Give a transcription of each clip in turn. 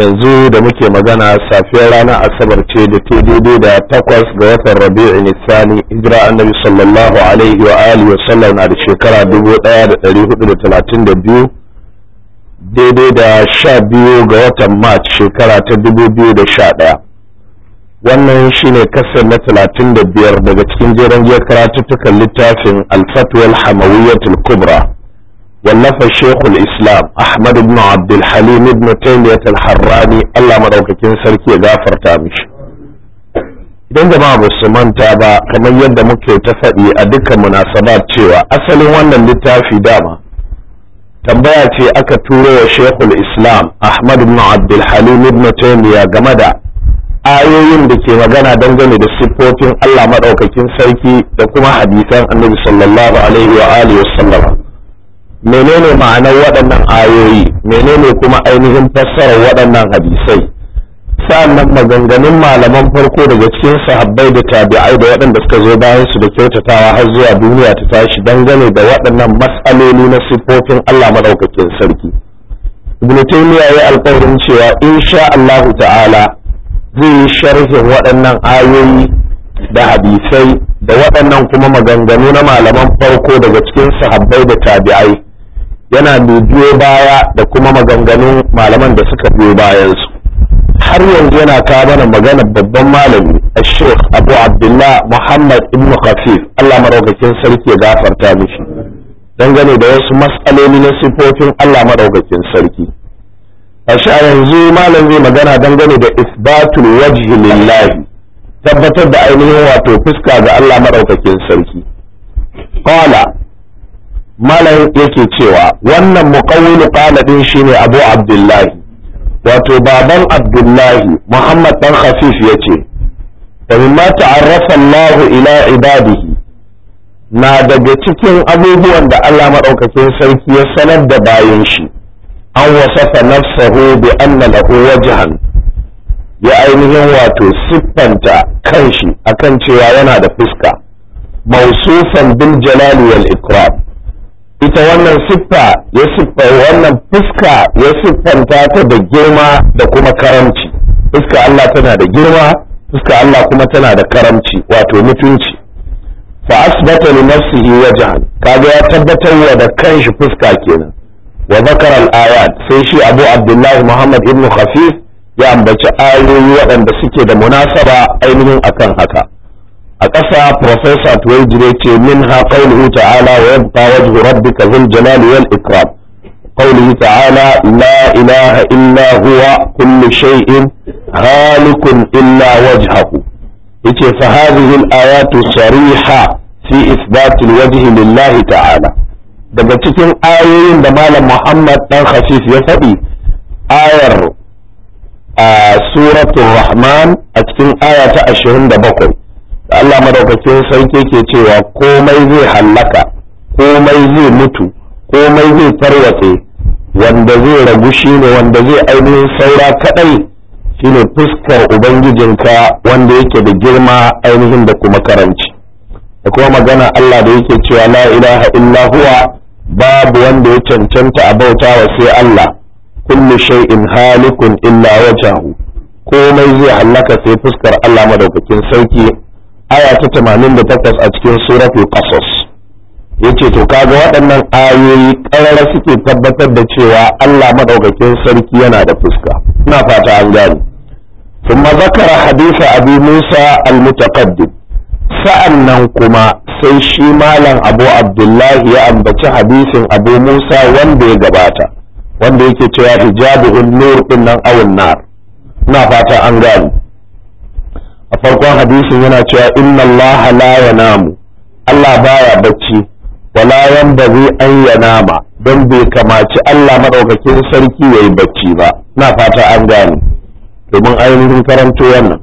yanzu da muke magana safiyar ranar asabar ce da ta daidai da takwas ga watan rabi'u nisani hijira annabi sallallahu alaihi wa alihi sallam na da shekara dubu daya da dari hudu da talatin da biyu daidai da sha biyu ga watan march shekara ta dubu biyu da sha daya wannan shine kasar na talatin da biyar daga cikin jeren jiyar karatuttukan littafin alfatwal hamawiyatul kubra wallafa shekul islam ahmad ibn abdulhalim ibn taymiyyat al-harrani allah madaukakin sarki ya gafarta mishi idan jama'a ba su manta ba kamar yadda muke ta faɗi a dukkan munasabat cewa asalin wannan littafi dama tambaya ce aka turo wa shekul islam ahmad ibn abdulhalim ibn taymiyyah game da ayoyin da ke magana dangane da siffofin Allah maɗaukakin sarki da kuma hadisan annabi sallallahu alaihi wa alihi menene ma'anar waɗannan ayoyi menene kuma ainihin fassarar waɗannan hadisai sa'annan maganganun malaman farko daga cikin sahabbai da tabi'ai da waɗanda suka zo bayan su da kyautatawa har zuwa duniya ta tashi dangane da waɗannan matsaloli na siffofin Allah maɗaukakin sarki ibnu taymiya ya alƙawarin cewa insha Allah ta'ala zai yi sharhin waɗannan ayoyi da hadisai da waɗannan kuma maganganu na malaman farko daga cikin sahabbai da tabi'ai yana mai biyo baya da kuma maganganun malaman da suka biyo bayansu har yanzu yana kawo mana magana babban malami a sheikh abu abdullah muhammad ibn khafif allah maraukakin sarki ya gafarta mishi dangane da wasu matsaloli na sifofin allah maraukakin sarki a a yanzu malam zai magana dangane da isbatul wajhi lillahi tabbatar da ainihin wato fuska ga allah maraukakin sarki qala malam yake cewa wannan muqawwilu qala din shine abu abdullahi wato baban abdullahi muhammad dan khafif yace fa ta ta'arrafa Allah ila ibadihi na daga cikin abubuwan da Allah maɗaukakin sarki ya sanar da bayan shi an wasafa nafsahu bi anna lahu wajhan ya ainihin wato siffanta kanshi akan cewa yana da fuska mausufan bil jalali wal ikram ita wannan siffa ya siffa wannan fuska ya siffanta ta da girma da kuma karamci fuska Allah tana da girma fuska Allah kuma tana da karamci wato mutunci fa asbata li nafsihi wajhan kaga ya tabbatar da kanshi fuska kenan wa zakar al-ayat sai shi Abu Abdullah Muhammad ibn Khafif ya ambaci ayoyi waɗanda suke da munasaba ainihin akan haka a ƙasa professor tuwaijir ya ce min ha qawluhu ta'ala wa yabqa wajhu rabbika dhul jalali wal ikram qawluhu ta'ala la ilaha illa huwa kullu shay'in halikun illa wajhahu yace fa hadhihi ayatu sariha fi ithbat al wajhi lillahi ta'ala daga cikin ayoyin da malam Muhammad dan Khafif ya faɗi ayar a suratul rahman a cikin aya ta 27 Allah madaukakin sarki ke cewa komai zai hallaka komai zai mutu komai zai tarwatse wanda zai ragu shine wanda zai ainihin saura kadai shine fuskar ubangijinka wanda yake da girma ainihin da kuma karanci da kuma magana Allah da yake cewa la ilaha illa huwa babu wanda ya cancanta a bauta wa sai Allah kullu shay'in halikun illa wajhahu komai zai hallaka sai fuskar Allah madaukakin sarki aya ta 88 a cikin suratul Ya yace to kaga waɗannan ayoyi ƙarara suke tabbatar da cewa Allah maɗaukakin sarki yana da fuska ina fata an gane ثم ذكر حديث أبي موسى Sa'an nan kuma sai shi malam abu abdullahi ya ambaci hadisin abu musa wanda ya gabata wanda yake cewa hijabu nur din nan awun nar na fata an gani a farkon hadisin yana cewa inna Allah la yanamu Allah baya bacci wala zai an yanama don bai kamaci Allah madaukakin sarki yayi bacci ba na fata an gane domin ainihin karanto wannan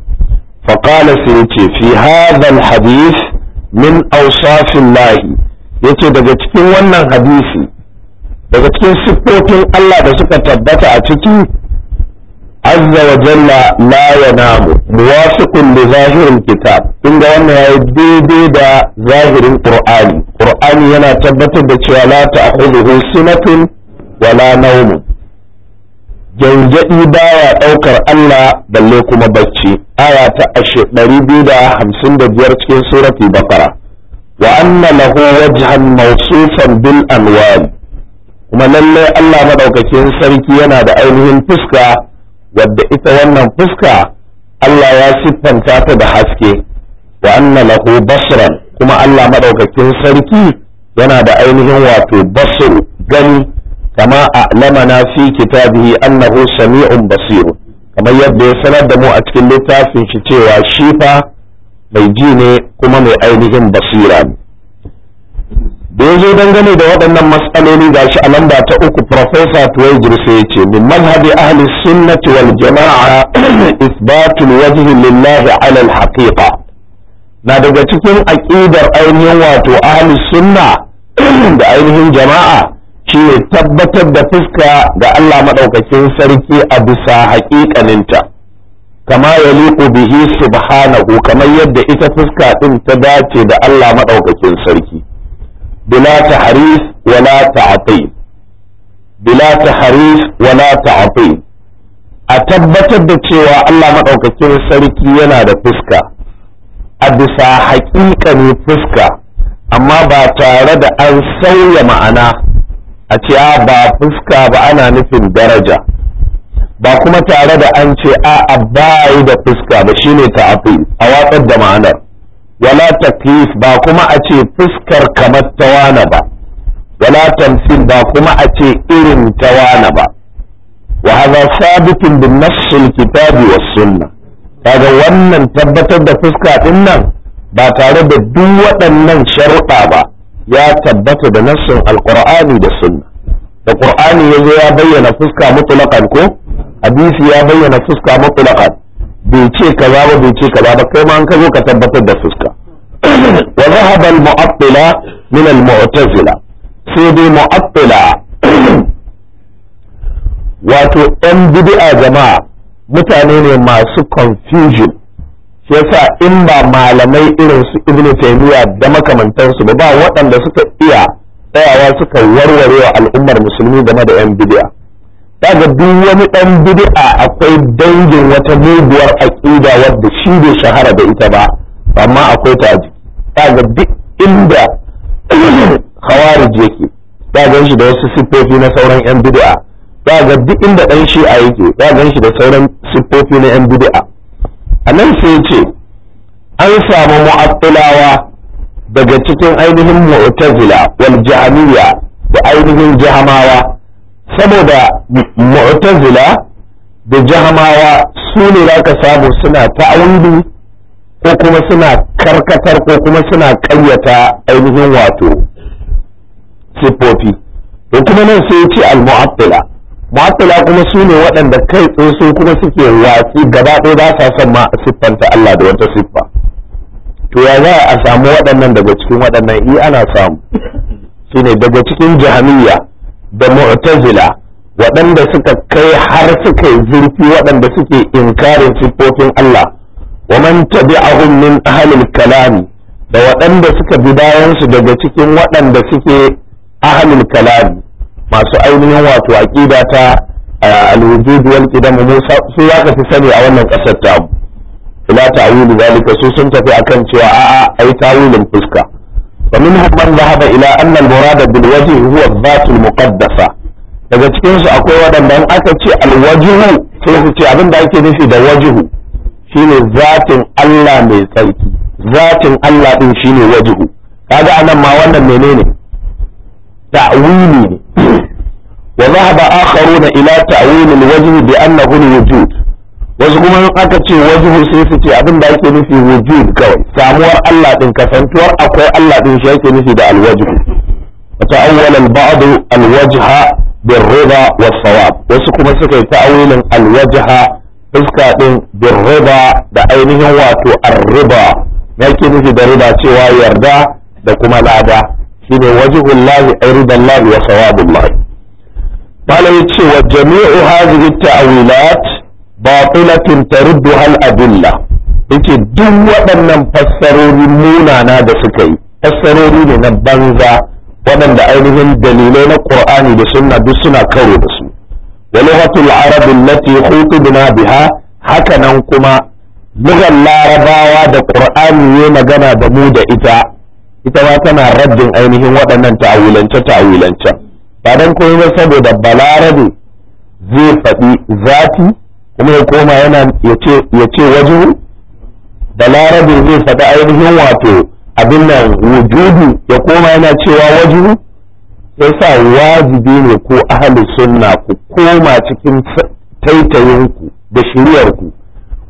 ce, fi hadha al hadith min awsaf Allah yace daga cikin wannan hadisi daga cikin siffofin Allah da suka tabbata a ciki azza wa jalla la yanamu muwafiqun li zahiril kitab kun ga wannan yayi daidai da zahirin qur'ani Ƙur'ani yana tabbatar da cewa la wa sinatun wala nawmun gyangyaɗi baya ɗaukar Allah balle kuma bacci aya ta ashe ɗari biyu da hamsin da biyar cikin surati bakara wa anna lahu wajhan mawsufan bil anwar kuma lalle Allah madaukakin sarki yana da ainihin fuska wadda ita wannan fuska Allah ya siffanta ta da haske wa anna lahu basran kuma Allah madaukakin sarki yana da ainihin wato basru gani kama a'lamana fi kitabihi annahu sami'un basir kamar yadda ya sanar da mu a cikin littafin shi cewa shi fa mai ji ne kuma mai ainihin basira ne da ya zo dangane da waɗannan matsaloli ga shi a lamba ta uku profesa tuwai girse ya ce min mazhabi ahli sunnati wal jama'a isbatul wajhi lillahi ala al na daga cikin aƙidar ainihin wato ahli sunna da ainihin jama'a shine tabbatar da fuska ga Allah maɗaukakin sarki a bisa haƙiƙaninta kama liƙo bihi subhanahu kamar yadda ita fuska ɗin ta dace da Allah maɗaukakin sarki bila tahrif wala ta'til bila tahrif wala ta'til a tabbatar da cewa Allah madaukakin sarki yana da fuska a bisa haƙiƙanin fuska amma ba tare da an sauya ma'ana a ce ba fuska ba ana nufin daraja ba kuma tare da an ce a bayi da fuska ba shine ta'afi a watsar da ma'anar wala taklif ba kuma a ce fuskar kamar tawana ba wala tamsil ba kuma a ce irin tawana ba wa hadha sabitun bin kitabi wa sunna kaga wannan tabbatar da fuska din nan ba tare da duk waɗannan sharuɗa ba ya tabbata da nassin alqur'ani da sunna da qur'ani yazo ya bayyana fuska mutlaqan ko hadisi ya bayyana fuska mutlaqan bai ce kaza ba bai ce kaza ba kai ma an ka zo ka tabbatar da fuska wa zahaba al mu'attila min al mu'tazila sai dai mu'attila wato yan bid'a jama'a mutane ne masu confusion shi yasa in ba malamai irin su ibnu taymiya da makamantansu ba ba waɗanda suka iya tsayawa suka warware wa al'ummar musulmi game da yan bid'a kaga duk wani dan bid'a akwai dangin wata muguwar aqida wadda shi bai shahara da ita ba amma akwai ta kaga duk inda khawarij yake kaga shi da wasu siffofi na sauran yan bid'a kaga duk inda dan a yake kaga shi da sauran siffofi na yan bid'a anan sai ya ce an samu mu'attilawa daga cikin ainihin mu'tazila wal jahmiya da ainihin jahmawa saboda mu'tazila da jahamawa su ne za ka samu suna ta'awudu ko kuma suna karkatar ko kuma suna ƙayyata ainihin wato siffofi to kuma nan sai ce al-mu'attila mu'attila kuma su ne waɗanda kai tsoso kuma suke watsi gaba ɗaya ba sa son ma a siffanta Allah da wata siffa to ya za a samu waɗannan daga cikin waɗannan i ana samu shine daga cikin jahamiyya da mu'tazila waɗanda suka kai har suka yi zurfi waɗanda suke inkarin siffofin Allah wa man tabi'ahum min ahlil kalami da waɗanda suka bi bayansu daga cikin waɗanda suke ahlil kalami masu ainihin wato aqida ta al-wujud wal qidam Musa su ya fi sani a wannan kasar ta ila ta'wil zalika su sun tafi akan cewa a'a ai tawilin fuska ومنهم من ذهب إلى أن المراد بالوجه هو الذات المقدسة daga cikin su akwai waɗanda aka ce alwajihu sai su ce abin da ake nufi da wajihu shine zatin Allah mai tsarki zatin Allah din shine wajihu kaga anan ma wannan menene ta'wili ne wa dhahaba akharuna ila ta'wil alwajh bi annahu alwujud wasu kuma in aka ce wajhu sai su ce abin da ake nufi wujud kawai samuwar Allah din kasantuwar akwai Allah din shi ake nufi da alwajhu ta al-ba'd al birrida was-sawab wasu kuma suka yi ta'awilin al-wajha fuska din birrida da ainihin wato arriba ya ke nufi da riba cewa yarda da kuma lada shine wajhullahi ay lahi wa lahi qala ce wa jami'u hadhihi at-ta'wilat batilatin taruddu hal adilla yace duk waɗannan fassarori munana da suka yi fassarori ne na banza waɗanda ainihin dalilai na qur'ani da sunna duk suna kawo da su wa lughatul arab allati khutibna biha haka nan kuma lugar larabawa da qur'ani ya magana da mu da ita ita ma tana raddin ainihin waɗannan ta'awilance ta'awilance ba dan komai saboda balarabe zai faɗi zati kuma ya koma yana ya ce wajen larabin zai faɗi ainihin wato abin nan wujudu ya koma yana cewa wajen sai sa wajibi ne ko ahli sunna ku koma cikin taitayinku da shiriyarku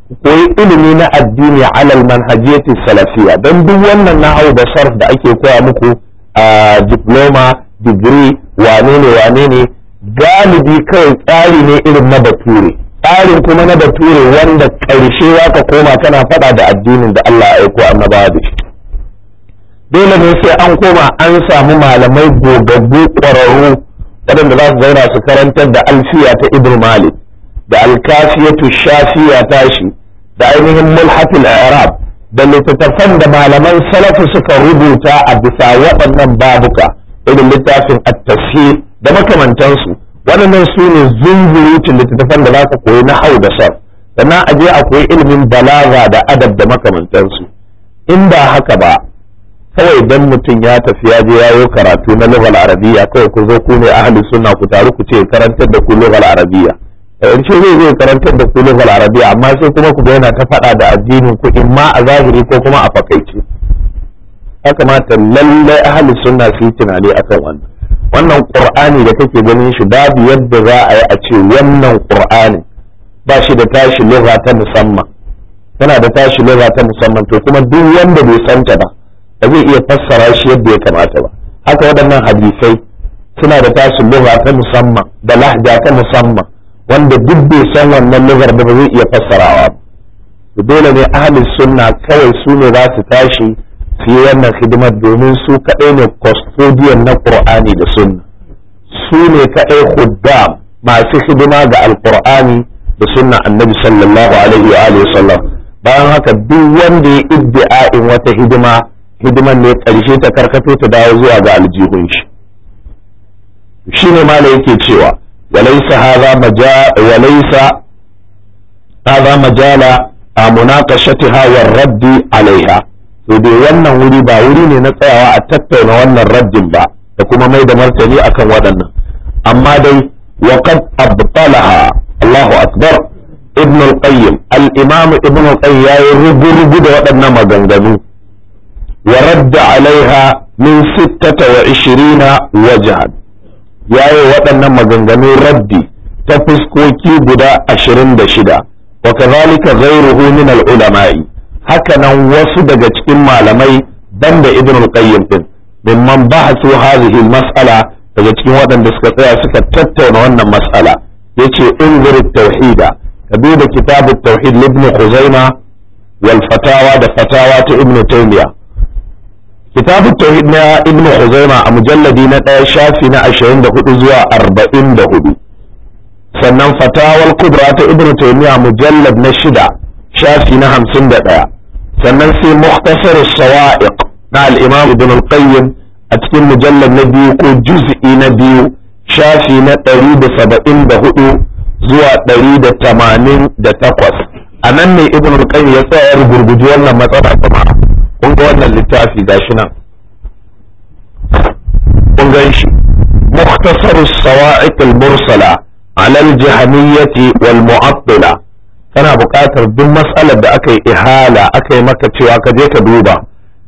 ku koyi ilimi na addini alal manhajiyati salafiya don duk wannan nahau da sarf da ake koya muku a diploma degree wane ne wane ne galibi kawai tsari ne irin na bature tsarin kuma na bature wanda ƙarshe ya ka koma tana faɗa da addinin da Allah ya aiko annabawa da shi dole ne sai an koma an samu malamai gogaggu ƙwararru waɗanda za su zauna su karantar da alfiya ta ibn malik da alkafiyatu shafiya tashi da ainihin mulhatul arab da littattafan da malaman salafu suka rubuta a bisa waɗannan babuka irin littafin at da makamantansu waɗannan su ne zunzurutun littattafan da za ka koyi na hau da sar sannan a je a koyi ilimin balaga da adab da makamantansu in ba haka ba kawai dan mutum ya tafi ya je yayo karatu na lughal arabiya kawai ku zo ku ne ahli sunna ku taru ku ce karantar da ku lughal arabiya eh, in zai zai karantar da ku lughal arabiya amma sai kuma ku yana ta faɗa da addinin ku in ma a zahiri ko kuma a fakaice ya kamata lallai ahli sunna su yi tunani akan wannan wannan qur'ani da kake ganin shi babu yadda za a yi a ce wannan ƙur'ani ba shi da tashi lura ta musamman tana da tashi lura ta musamman to kuma duk wanda bai santa ba ba zai iya fassara shi yadda ya kamata ba haka waɗannan hadisai suna da tashi lura ta musamman da lahja ta musamman wanda duk bai san wannan lugar ba zai iya fassarawa ba dole ne ahli sunna kawai su ne za su tashi su wannan hidimar domin su kaɗai ne custodian na ƙur'ani da sunna su ne kaɗai huddam masu hidima ga alƙur'ani da sunna annabi sallallahu alaihi wa alihi sallam bayan haka duk wanda ya in wata hidima hidiman ne ƙarshe ta karkato ta dawo zuwa ga aljihun shi shine mala yake cewa walaysa hadha majal walaysa hadha majala a munaqashatiha wa raddi alaiha sai wannan wuri ba wuri ne na tsayawa a tattauna wannan rajin ba da kuma mai da martani akan waɗannan amma dai waqad abtalaha Allahu akbar ibn al-qayyim al ibn al-qayyim yayi rubu rubu da waɗannan maganganu wa radda alaiha min 26 wajhan yayi waɗannan maganganu raddi ta fuskoki guda ashirin da shida. 26 وكذلك غيره من العلماء hakanan wasu daga cikin malamai banda ibn al-qayyim din mimman bahasu hadhihi al-mas'ala daga cikin waɗanda suka tsaya suka tattauna wannan mas'ala yace inzir tauhida ka duba kitab tauhid ibn khuzaima wal fatawa da fatawa ta ibn taymiya kitab tauhid na ibn khuzaima a mujalladi na ɗaya shafi na 24 zuwa 44 sannan fatawal kubra ta ibn taymiya mujallad na shida shafi na hamsin da 51 sannan sai muhtasar sawa'iq na al-imam ibn al-qayyim a cikin mujallar na biyu ko juz'i na biyu shafi na ɗari da saba'in da hudu zuwa ɗari da tamanin da takwas a nan ne ibn al-qayyim ya tsaya gurguji wannan matsala jama'a kun ga wannan littafi gashi nan kun gan shi muhtasar sawa'iq al-mursala ala al-jahmiyyah wal mu'attila kana buƙatar duk matsalar da aka yi ihala aka yi maka cewa ka je ka duba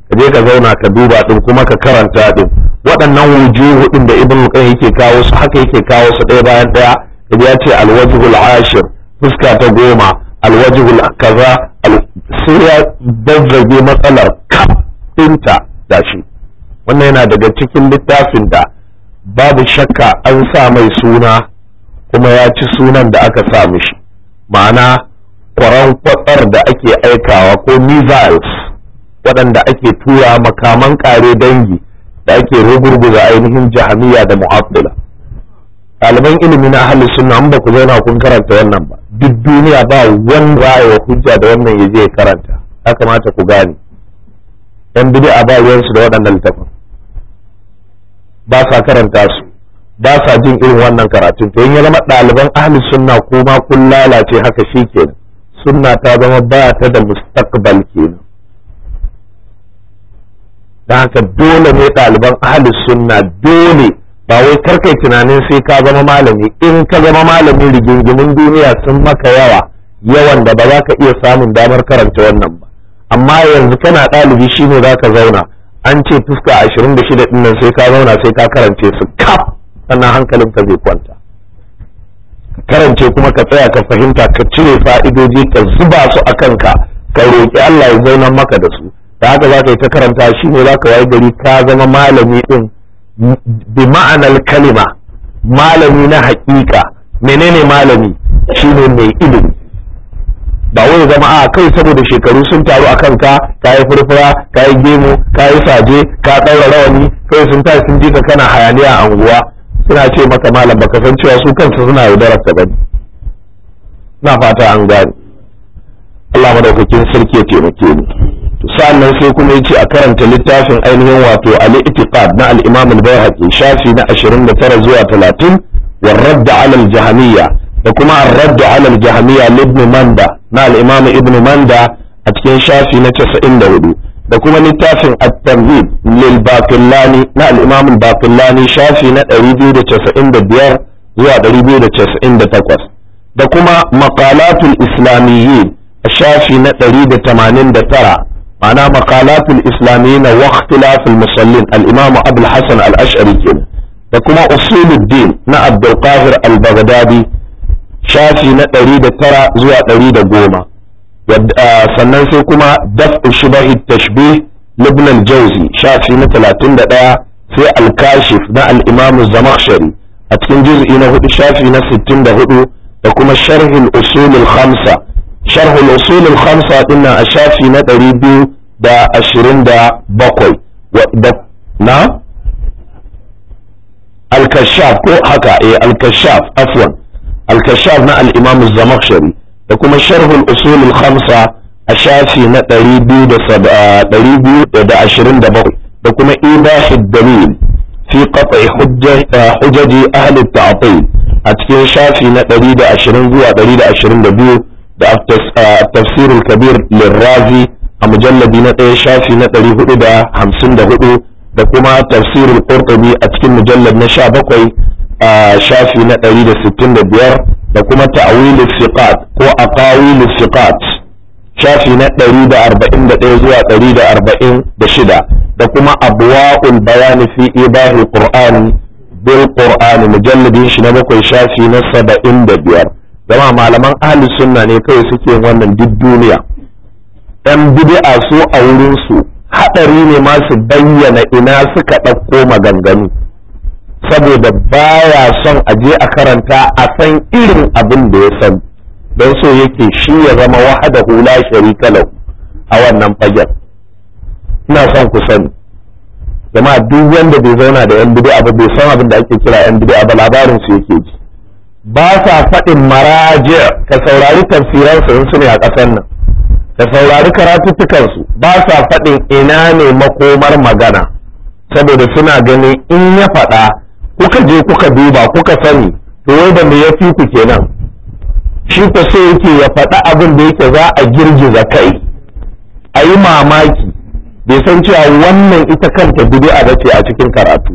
ka je ka zauna ka duba din kuma ka karanta din waɗannan wujuhu din da ibn qayyim yake kawo su haka yake kawo su ɗaya bayan ɗaya kaje ya ce alwajhul ashir fuska ta goma alwajhul kaza sai ya dazzage matsalar kaf ɗinta da shi wannan yana daga cikin littafin da babu shakka an sa mai suna kuma ya ci sunan da aka sa mishi ma'ana kwaran da ake aikawa ko missiles waɗanda ake tura makaman ƙare dangi da ake rugurguza ainihin jahamiya da muabdula, ɗaliban ilimi na ahalin sunna an ba ku zauna kun karanta wannan ba duk duniya ba wanda ya hujja da wannan ya je ya karanta ya kamata ku gane yan bidi ba ruwansu da waɗannan littafin ba sa karanta su ba sa jin irin wannan karatun to in ya zama ɗaliban ahalin sunna kuma kun lalace haka shi kenan sunna ta zama ba ta da mustaqbal kenan don haka dole ne ɗaliban ahli sunna dole ba wai karkai tunanin sai ka zama malami in ka zama malami rigingimin duniya sun maka yawa yawan da ba za ka iya samun damar karanta wannan ba amma yanzu kana ɗalibi shine za ka zauna an ce fuska ashirin da shida ɗin sai ka zauna sai ka karance su kaf sannan hankalinka zai kwanta karance kuma ka tsaya ka fahimta ka cire fa'idoji ka zuba su a kanka ka roƙi Allah ya zauna maka da su da haka za ka yi ta karanta shi ne za ka wayi gari ka zama malami din bi ma'anar kalima malami na haƙiƙa menene malami shi ne mai ilimi ba wai zama a ah, kai saboda shekaru sun taru a kanka ka yi furfura ka yi gemu ka yi saje ka ɗaura rawani kai sun tashi sun ji ka kana hayaniya a unguwa. suna ce maka malam baka san cewa su kansu suna yaudarar ka bane na fata an gane Allah madaukakin sarki ya taimake ni sa'annan sai kuma yace a karanta littafin ainihin wato al-i'tiqad na al-Imam al-Baihaqi shafi na 29 zuwa 30 kuma على الجهمية وكما الرد على manda na مندى مع الإمام ابن مندى أتكين شافي نتسئن دولي da kuma littafin at-tamhid lil baqillani na al-imam al-baqillani shafi na 295 zuwa 298 da kuma maqalatul islamiyyin shafi na 189 ma'ana maqalatul islamiyyin wa ikhtilaful musallin al-imam abul hasan al-ash'ari kenan da kuma usuluddin na abdul qahir al-baghdadi shafi na 109 zuwa 110 sannan sai kuma daf'u shubahi tashbih ibn al-jawzi shafi na 31 sai al-kashif na al-imam az-zamakhshari a cikin juz'i na 4 shafi na 64 da kuma sharh al-usul al-khamsa sharh al-usul al-khamsa dinna a shafi na 227 wa da na al-kashaf ko haka eh al-kashaf afwan al-kashaf na al-imam az-zamakhshari da kuma sharhul usulul khamsa a shafi na 227 da kuma ibahid dalil fi qat'i hujjaji ahli ta'til a cikin shafi na 120 zuwa 122 da tafsirul kabir lirazi a mujalladi na ɗaya shafi na 454 da kuma tafsirul qurtubi a cikin mujallad na 17 a shafi na 165 da kuma ta'awil siqat ko aqawil siqat shafi na 141 zuwa 146 da kuma abwa'ul bayani fi ibahi qur'ani bil qur'ani mujalladin shi na bakwai shafi na 75 zama malaman ahli sunna ne kai suke wannan duk duniya dan bid'a su a wurin su hadari ne ma su bayyana ina suka dauko maganganu saboda baya son a je a karanta a san irin abin da ya san don so yake shi ya zama wahada hula shari lahu a wannan fagen ina son ku sani Gama duk wanda bai zauna da yan bid'a abu bai san abin da ake kira yan bid'a abu labarin su yake ji ba sa faɗin maraji ka saurari tafsiran su su ne a ƙasar nan ka saurari karatuttukan su ba sa faɗin ina ne makomar magana saboda suna ganin in ya faɗa kuka je kuka duba kuka sani to wai da mai ya fi ku kenan shi ko so yake ya faɗi abin da yake za a girgiza kai a yi mamaki bai san cewa wannan ita kanta bid'a a ce a cikin karatu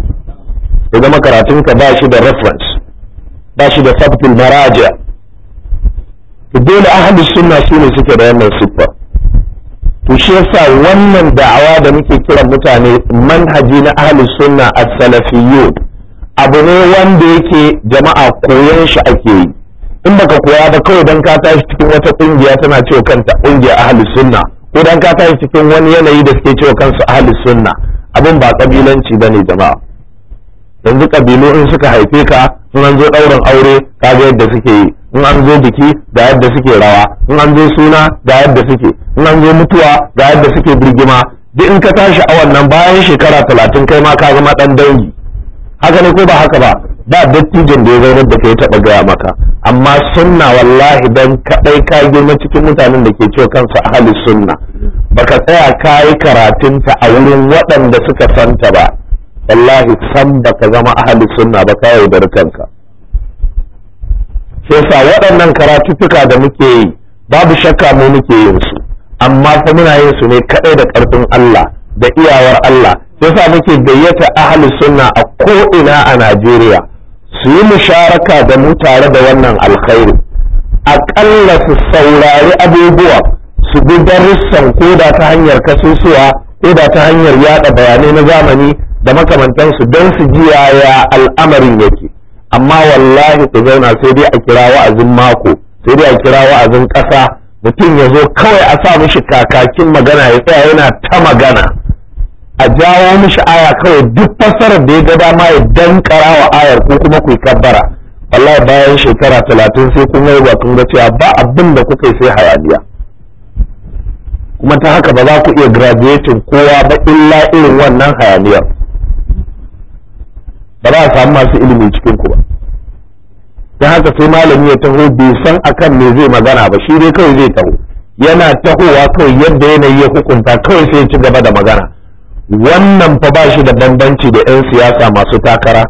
ya zama karatunka ba shi da reference ba shi da sabtul maraja dole ahlus sunna su ne suke da wannan siffa to shi yasa wannan da'awa da muke kiran mutane manhaji na ahlus sunna as-salafiyyun abu ne wanda yake jama'a koyon shi ake yi in baka koya ba kawai dan ka tashi cikin wata kungiya tana cewa kanta kungiya ahlus sunna ko dan ka tashi cikin wani yanayi da suke cewa kansu ahlus sunna abin ba kabilanci ba ne jama'a yanzu kabilu in suka haife ka in an zo ɗaurin aure ka ga yadda suke yi in an zo biki ga yadda suke rawa in an zo suna ga yadda suke in an zo mutuwa ga yadda suke birgima duk in ka tashi a wannan bayan shekara talatin kai ma ka zama ɗan dangi haka ne ko ba haka ba ba dattijan da ya zaunar da kai taɓa gaya maka amma sunna wallahi dan kaɗai ka girma cikin mutanen da ke cewa kansu ahli sunna baka tsaya ka yi karatunta a wurin waɗanda suka santa ba wallahi san baka zama ahli sunna ba ka yaudar kanka sai sa waɗannan karatuttuka da muke yi babu shakka mu muke yin su amma fa muna yin su ne kaɗai da ƙarfin Allah da iyawar Allah yasa muke gayyata ahli sunna a ko ina a Najeriya su yi musharaka da mu tare da wannan alkhairi aƙalla su saurari abubuwa su bi darussan ko da ta hanyar kasusuwa ko da ta hanyar yada bayanai na zamani da makamantansu don su ji yaya al'amarin yake amma wallahi ku zauna sai dai a kira wa'azin mako sai dai a kira wa'azin ƙasa mutum ya zo kawai a sa mishi kakakin magana ya tsaya yana ta magana a jawo mishi aya kawai duk fassarar da ya ga dama ya dankara wa ayar ko kuma ku kabbara wallahi bayan shekara talatin sai kun yi ba kun ga cewa ba abin da kuka sai hayaniya kuma ta haka ba za ku iya graduating kowa ba illa irin wannan hayaniyar ba za a samu masu ilimi cikin ku ba ta haka sai malami ya taho bai san akan me zai magana ba shi dai kawai zai taho yana tahowa kawai yadda yanayi ya hukunta kawai sai ya ci gaba da magana wannan fa ba shi da bambanci da 'yan siyasa masu takara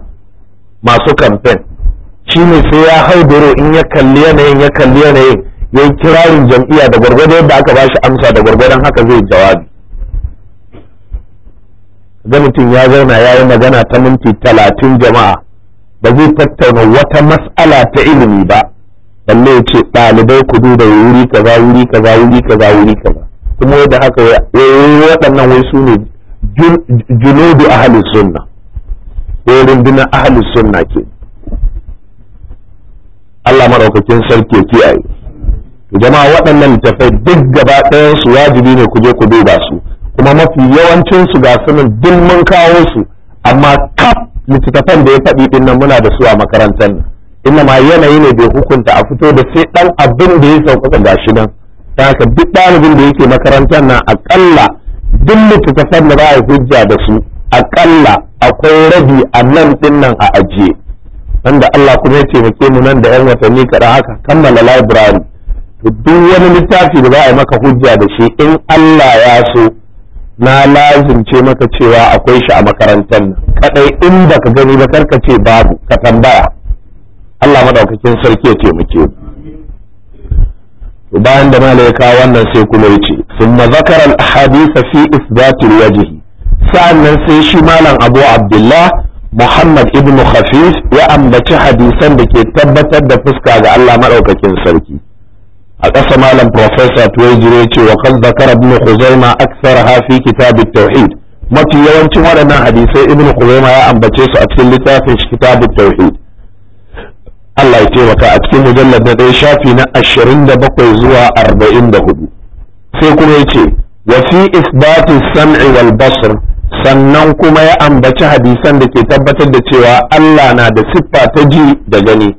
masu kamfen shi ne sai ya hau in ya kalli yanayin ya kalli yanayin ya yi kirarin jam'iyya da gwargwado yadda aka ba shi amsa da gwargwadon haka zai jawabi ga ya zauna ya yi magana ta minti talatin jama'a ba zai tattauna wata mas'ala ta ilimi ba balle ce ɗalibai ku duba wuri kaza wuri kaza wuri kaza wuri kaza kuma yadda haka waɗannan wai su ne junudu ahli sunna ko eh, a ahli sunna ke Allah maraukakin sarki ke kiyaye jama'a waɗannan tafai duk gaba ɗayan su wajibi ne ku je ku duba su kuma mafi yawancin su ga sunan duk mun kawo su amma kaf littattafan da ya faɗi din nan muna da su a makarantar nan inna ma yanayi ne bai hukunta a fito da sai ɗan abin da ya sauƙaƙa gashi nan ta haka duk ɗalibin da yake makarantar nan aƙalla duk littattafan da za a hujja da su akalla akwai rabi a nan ɗin nan a ajiye wanda Allah kuma ya taimake mu nan da yan watanni kaɗan haka kammala library to duk wani littafi da za a maka hujja da shi in Allah ya so na lazimce maka cewa akwai shi a makarantar nan kadai in baka gani ba karka ce babu ka tambaya Allah madaukakin sarki ya taimake mu bayan da malai ya kawo wannan sai kuma yace thumma zakara al ahadith fi isbat al sa'annan sai shi malam Abu Abdullah Muhammad ibn Khafif ya ambaci hadisan da ke tabbatar da fuska ga Allah madaukakin sarki a ƙasa malam professor Tuwejire ce wa kan zakara ibn Khuzaima aksar hafi kitabit tauhid mafi yawancin waɗannan hadisai ibn Khuzaima ya ambace su a cikin littafin kitabin tauhid Allah ya taimaka a cikin mujallar da ɗaya shafi na ashirin da bakwai zuwa arba'in da hudu sai kuma ya ce wa fi isbatu sam'i wal basr sannan kuma ya ambaci hadisan da ke tabbatar da cewa Allah na da siffa ta ji da gani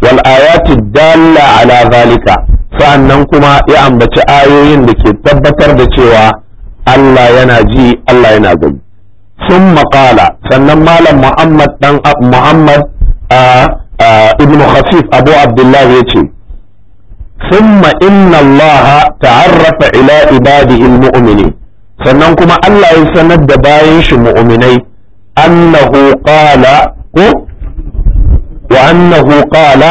wal ayatu dalla ala zalika sannan kuma ya ambaci ayoyin da ke tabbatar da cewa Allah yana ji Allah yana gani sun maƙala sannan malam muhammad dan muhammad a ah, ibn khafif abu abdullah ya ce ثم ta harrafa ila إلى عباده المؤمنين sannan kuma Allah ya sanar da bayan shi mu'minai annahu qala ko wa annahu qala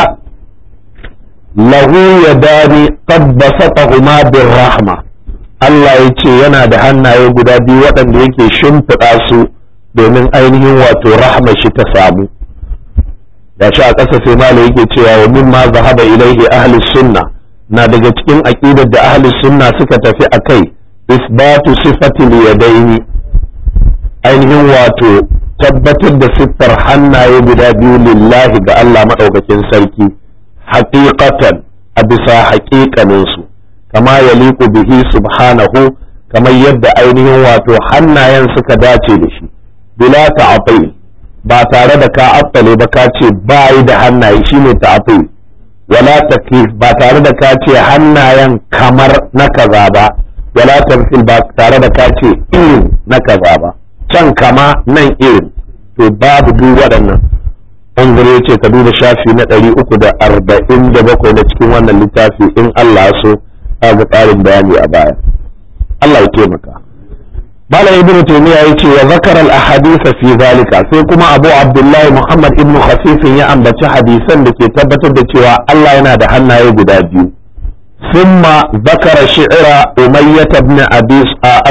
lahu yadani qad basatahuma birrahma Allah ya ce yana da hannaye guda biyu waɗanda yake shimfiɗa su domin ainihin wato rahma shi ta samu yashi a ƙasa sai malai yake cewa wa mimma zahaba ilaihi ahli sunna na daga cikin aqidar da ahli sunna suka tafi akai isbatu sifati yadaini ainihin wato tabbatar da siffar hannaye guda biyu lillahi ga Allah madaukakin sarki haqiqatan a bisa haƙiƙanin su kama yaliku bihi subhanahu kamar yadda ainihin wato hannayen suka dace da shi bila ta'atil ba tare da ka attale ba ka ce yi da hannaye ne ta'til wala taklif ba tare da ka ce hannayen kamar na kaza ba wala tamthil ba tare da ka ce irin na kaza ba can kama nan irin to babu duk waɗannan an gare ce ka duba shafi na ɗari uku da arba'in da bakwai na cikin wannan littafi in Allah so ga ƙarin bayani a baya Allah ya taimaka malam ibn taymiya yace wa zakara al ahadith fi zalika sai kuma abu abdullahi muhammad ibnu khafif ya ambaci hadisan da ke tabbatar da cewa Allah yana da hannaye guda biyu thumma zakara shi'ira umayyah ibn abi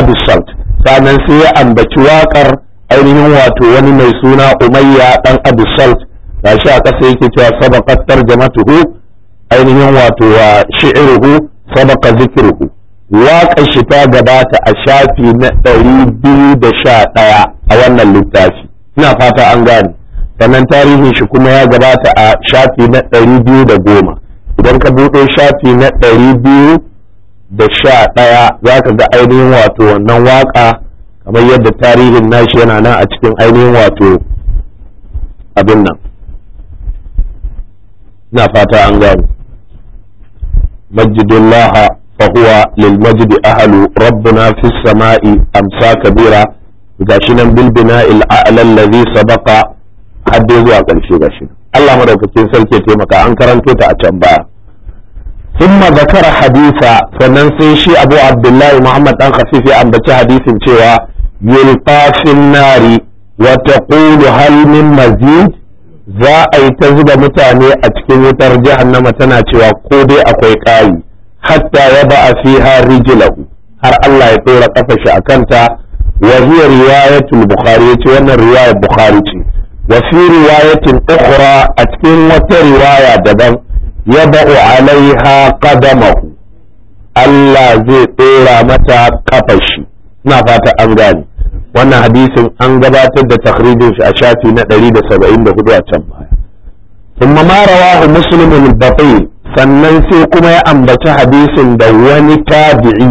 abi salt sannan sai ya ambaci wakar ainihin wato wani mai suna umayya dan abi salt gashi a ƙasa yake cewa sabaqat tarjamatuhu ainihin wato wa shi'ruhu sabaqa zikruhu waƙar shi ta gabata a shafi na ɗari biyu da sha ɗaya a wannan littafi ina fata an gane sannan tarihin shi kuma ya gabata a shafi na ɗari biyu da goma idan ka buɗe shafi na ɗari biyu da sha ɗaya za ka ga ainihin wato wannan waƙa kamar yadda tarihin nashi yana nan a cikin ainihin wato abin nan Ina fata an gane Majidullaha. فهو للمجد أهل ربنا في السماء أمسى كبيرا غاشنا بالبناء الأعلى الذي سبق حد يزوى قلشي غاشنا الله مدوكتين سلكي تيمك أنكرا كتا أتنبا ثم ذكر حديث فننسي شي أبو عبد الله محمد أن خفيف أنبت حديث شوى يلقى في النار وتقول هل من مزيد za a yi ta zuba mutane a cikin wutar jahannama tana cewa ko dai akwai ƙayi hatta ya ba a fiha rijlahu har Allah ya dora kafa shi a kanta wa hiya riwayatul bukhari yace wannan riwayar bukhari ce wa fi riwayatin ukhra a cikin wata riwaya daban ya ba'u alaiha qadamahu Allah zai ɗora mata kafa shi ina fata an gane wannan hadisin an gabatar da takhrijin shi a shafi na 174 a can baya ثم ما رواه مسلم البطيء sannan sai kuma ya ambaci hadisin da wani tabi'i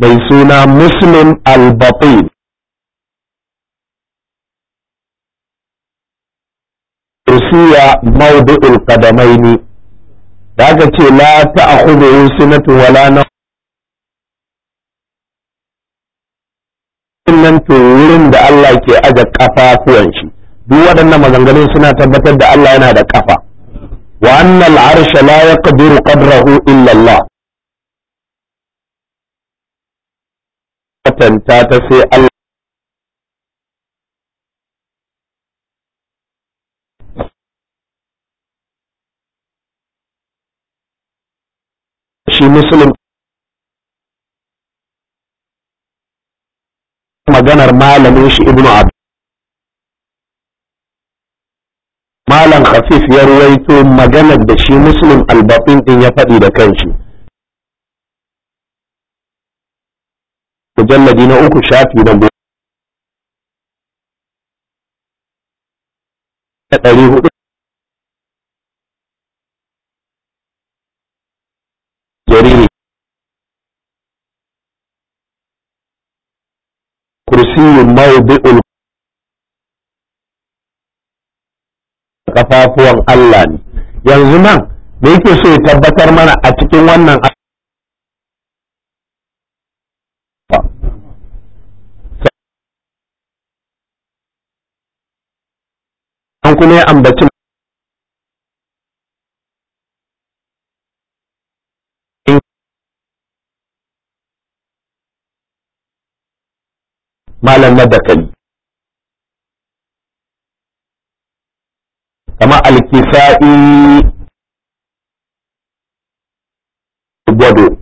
mai suna muslim al-batin usiya mawdu'ul qadamaini da aka ce la ta'khudhu sinatu wala na nan to wurin da Allah ke aje kafafuwan shi duk waɗannan maganganun suna tabbatar da Allah yana da kafa وأن العرش لا يقدر قدره إلا الله تنتات في الله شي مسلم مغنر مالا ابن عبد مالن خفيف يرويتو مجند بشي مسلم البطين إن يفدي دكنشي مجلد نوكو شافي نبو كرسي موضع kafafuwan Allah ne yanzu nan da yake so ya tabbatar mana a cikin wannan an kuma ya ambaci malam na dakali kama alkisa'i gwado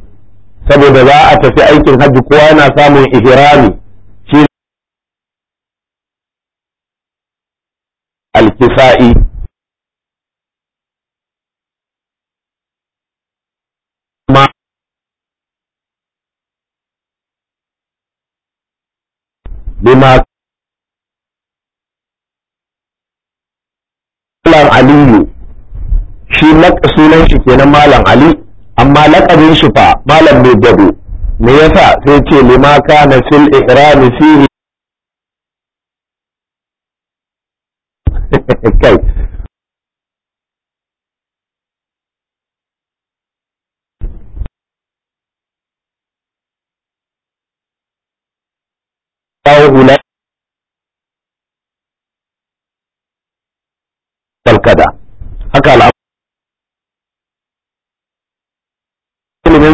saboda za a tafi aikin hajji kowa yana samun ihrami shi alkisa'i bima sunan shi kenan malam ali amma laƙabin shi fa malam mai gado me yasa sai ce lima kana fil ihrami fihi kai kada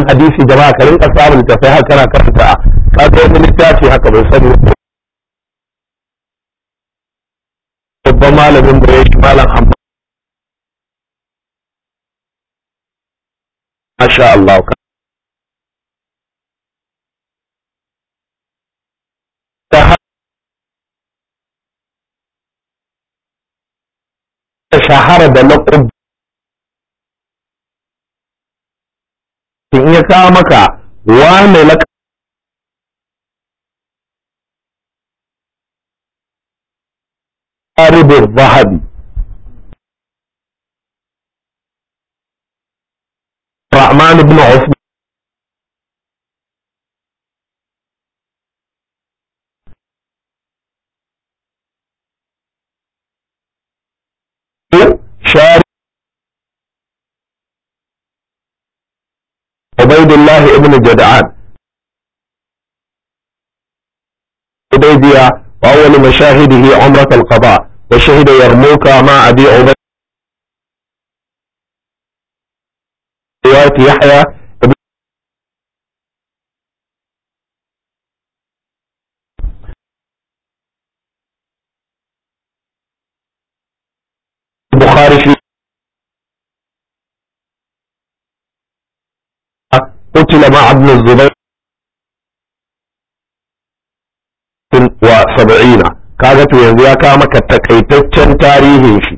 hadisi jama'a ka rinka samun ta sai haka kana karanta ka ga wani littafi haka bai sani babban malamin da ya yi malam amma masha Allah ka shahara da laƙub in ya kawo maka wane laka aribin zahabi Rahman ibn Auf ابن جدعان حديبية وأول مشاهده عمرة القضاء وشهد يرموك مع أبي عبيد يحيى جماعة بن الزبير wa saba'ina kaga to yanzu ya kawo maka takaitaccen tarihin shi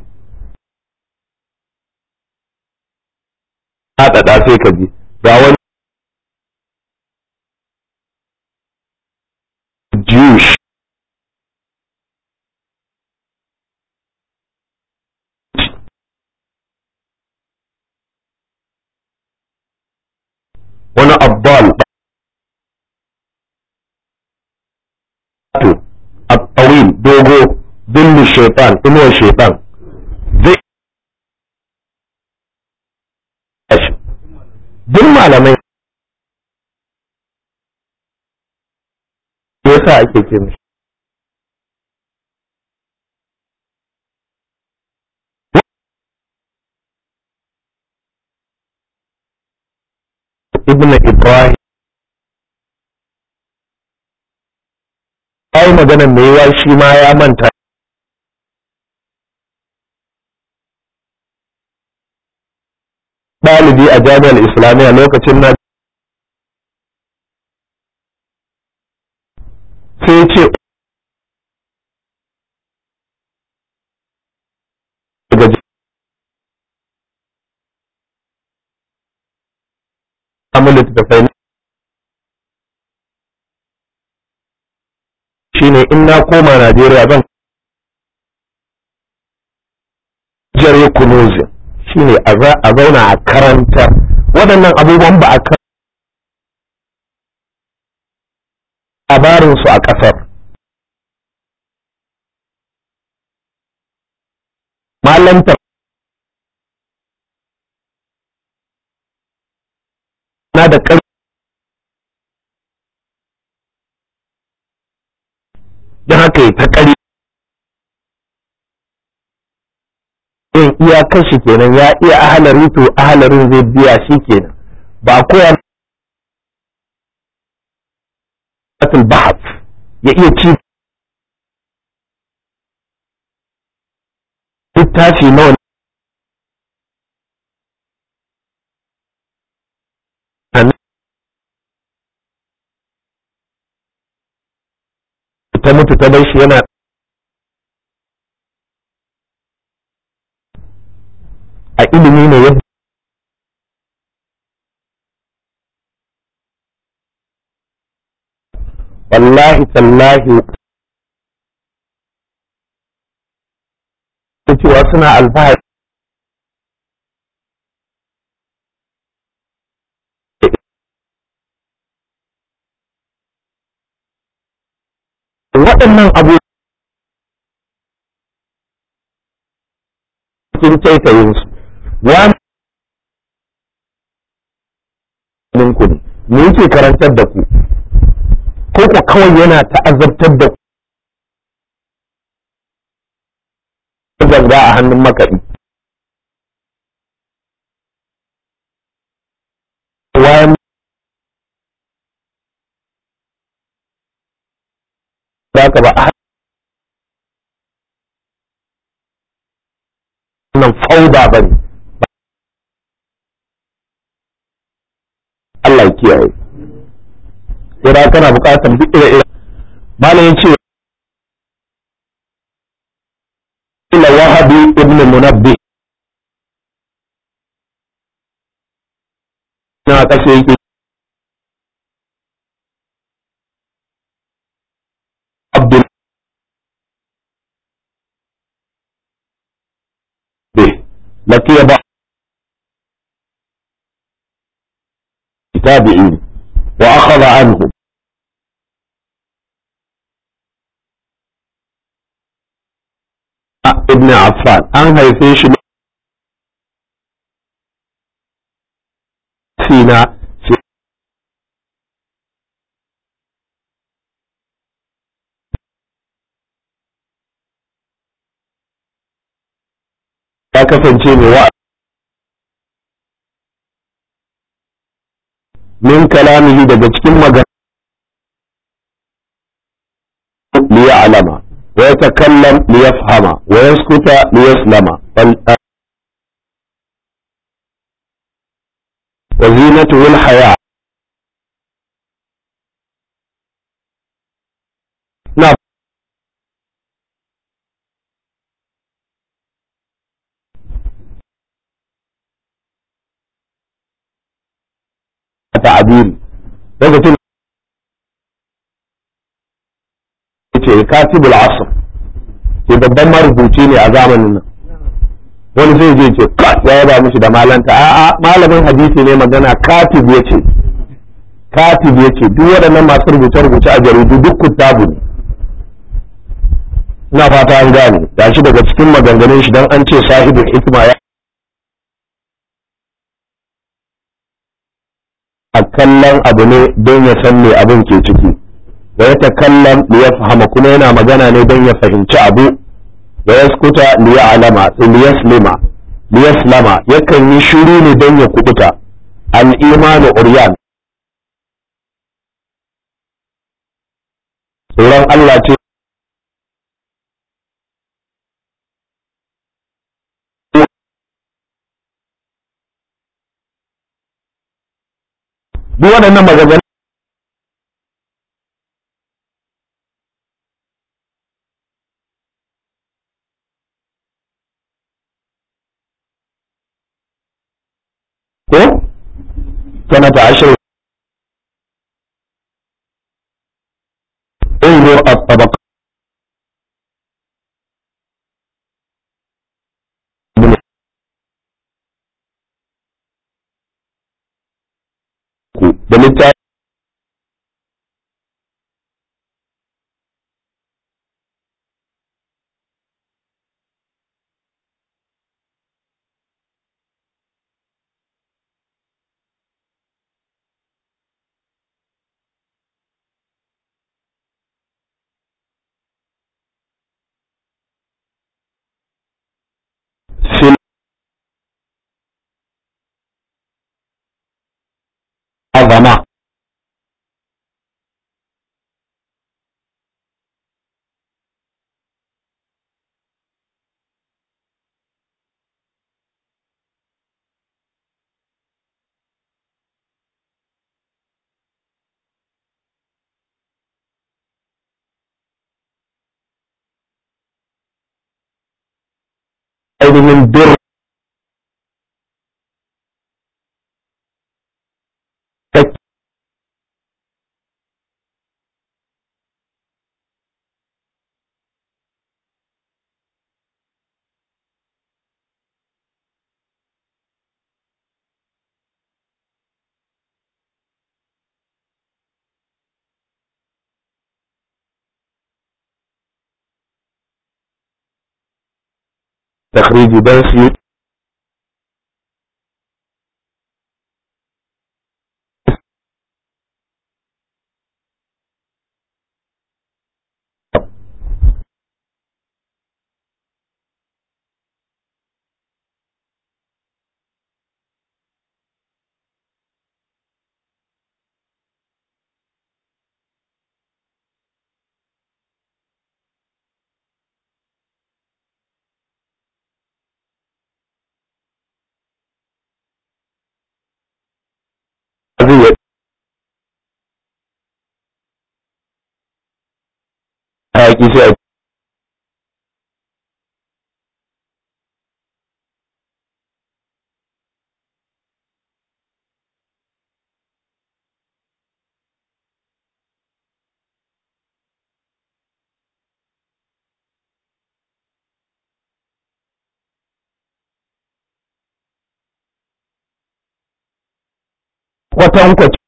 haɗaɗa sai ka ji ga wani shaitan wa shaitan zai duk malamai sa ake ce mishi ibn ibrahim ya yi mai shi ma ya manta ɗalibi a jami'ar islamiyya lokacin na sai ce shi ne in na koma najeriya zan shine a zauna a karanta waɗannan abubuwan ba a su a ƙasar malanta na da ƙarfi don haka ya ta ƙari iya kashi kenan ya iya ahalari to ahalarin zai biya shi kenan ba koya ya iya ci littafi nawa ta mutu ta bar shi yana a ilimi ne yadda wallahi tallahi ta cewa suna alfahari waɗannan abu cikin su ya ku ne me yake karantar da ku ko ku kawai yana ta'azzabtar da ku zanga a hannun makaɗi Ba da ba a wannan fauda ba ne Allah ya kiyaye sai da kana bukatar duk ire-ire malamin ce ila wahabi ibn munabbi na kashe yake التابعين وأخذ عنهم آه، ابن عفان أنا آه، هيفيش سينا كفن ya kasance min kalamihi daga cikin magana li ya'lama wa yatakallam li yafhama wa yaskuta li yaslama wa zinatu wal haya masa ta'abiri lokacin ce katibul asr ke babban marubuci ne a zamanin nan wani zai je ce ya yaba mishi da malanta a'a malamin hadisi ne magana katib ya ce katib ya ce duk waɗannan masu rubuce-rubuce a jaridu duk kuttabu ne ina fata an gane gashi daga cikin maganganun shi dan an ce sahibul hikma ya a kallon abu ne don ya san me abin ke ciki Da ya takallam ya fahama kuma yana magana ne don ya fahimci abu wa da ya ya'lama da ya slama ya yakan yi shiru ne don ya kubuta alimanu imanu tsoron Allah ce duk waɗannan maganganu ko tana ta ashirin alderman takhriji dan su ikizia trong cuộc.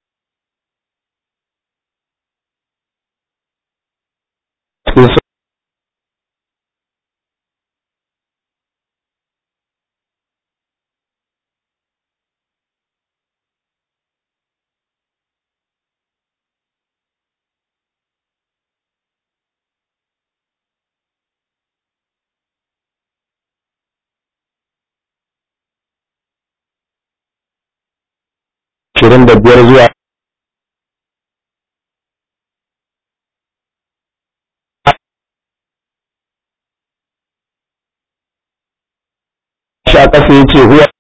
ashirin da biyar zuwa shi a ƙasa ya ce huwa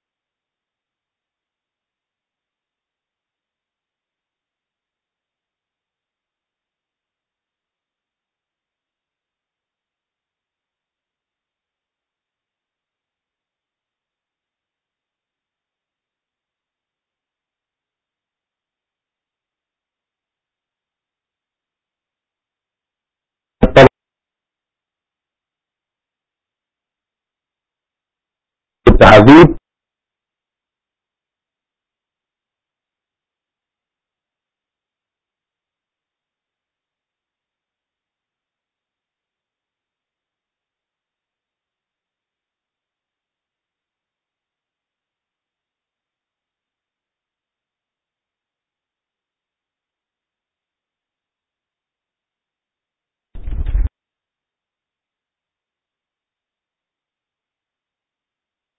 تحذيب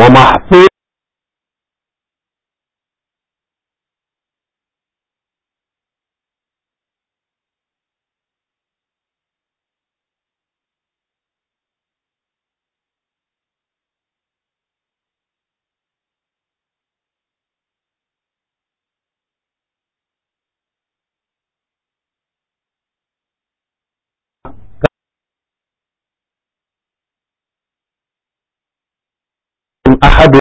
وہ م أحد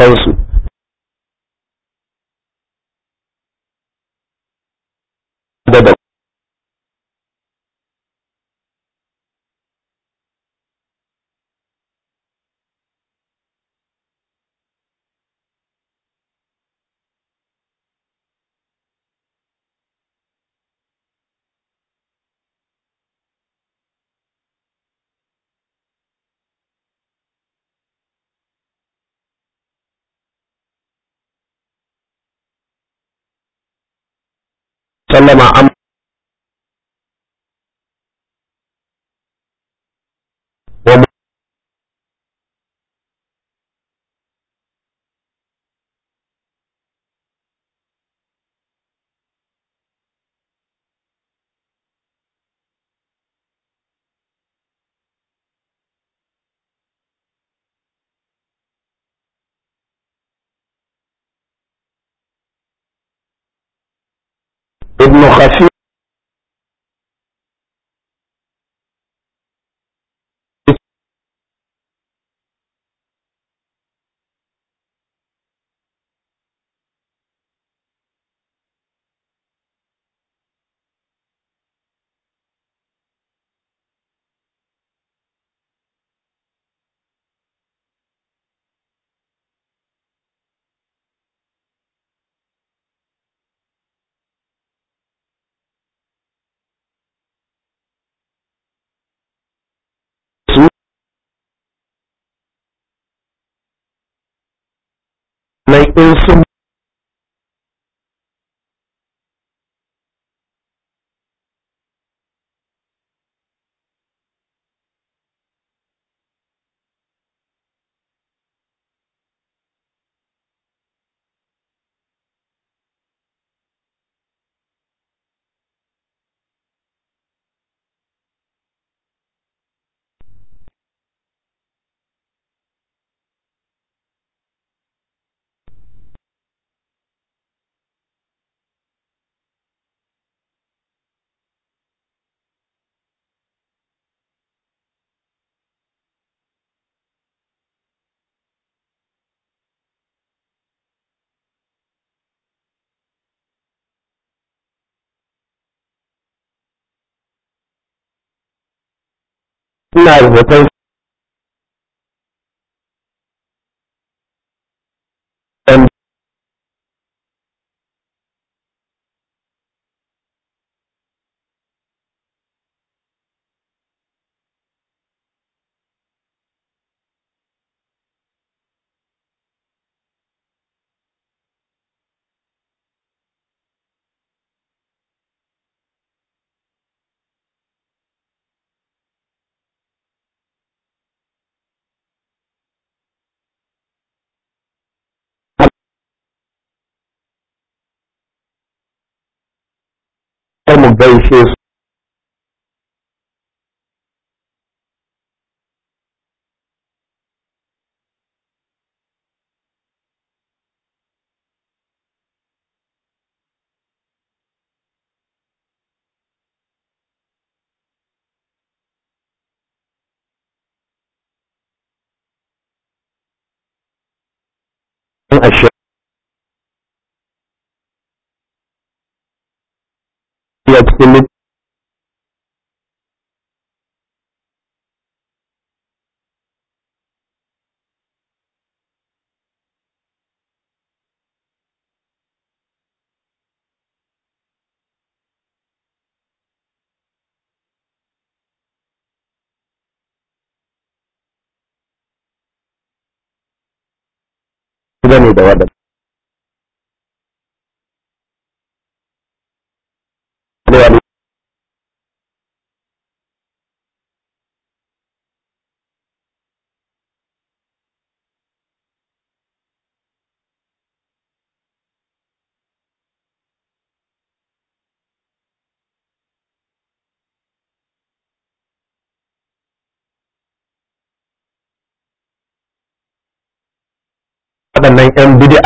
Thank you. 真的吗？ابن خفيف nan in sun ina zaton basis I should appelé gane da wadda waɗannan 'yan bid'a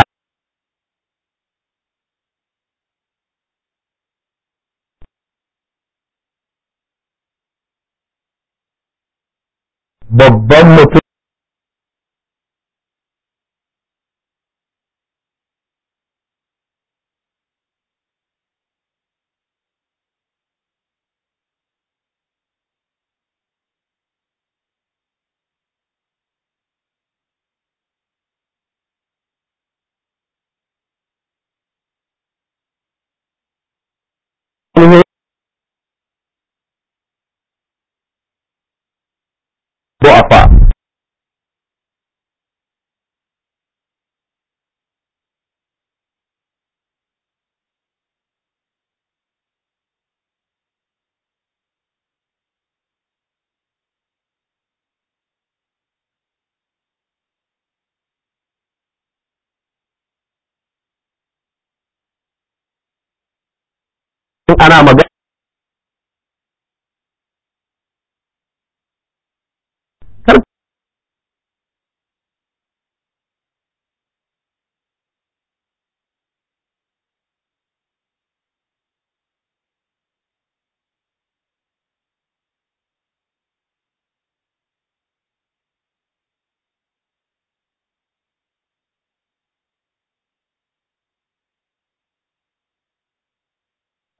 babban mutum ana magana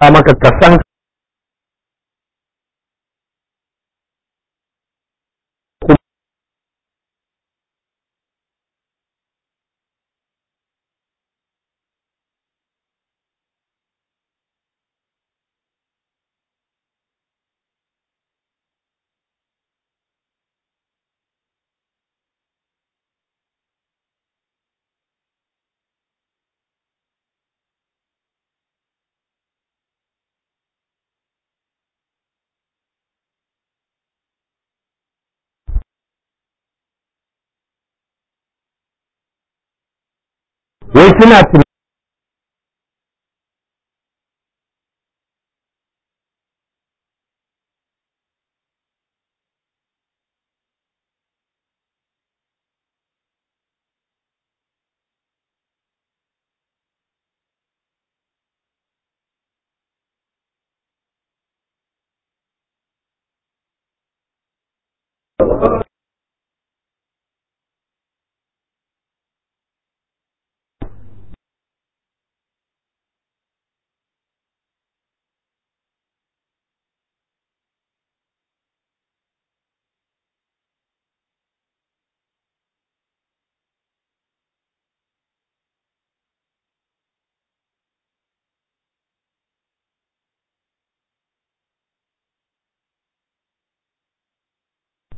maka ka wai suna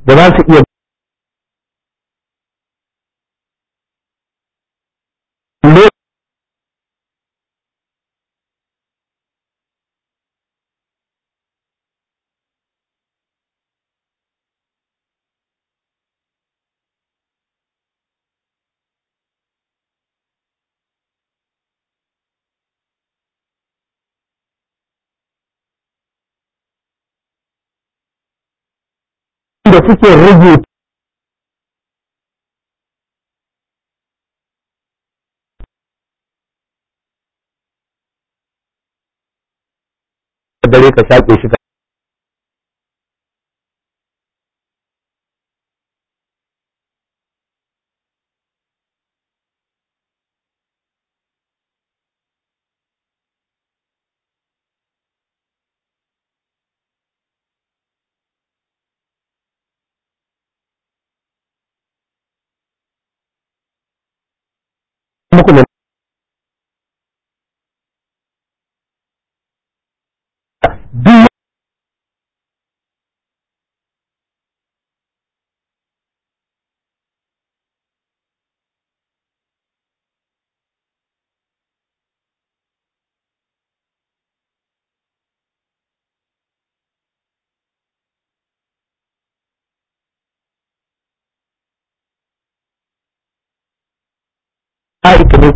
da za su iya da suke rage dare ka shaƙe shi como con Hi, can you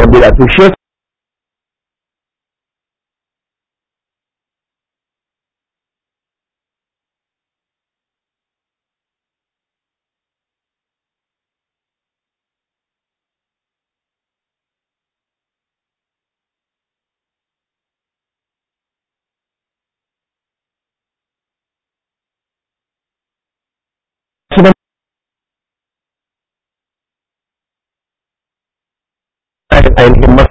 and eilgenmer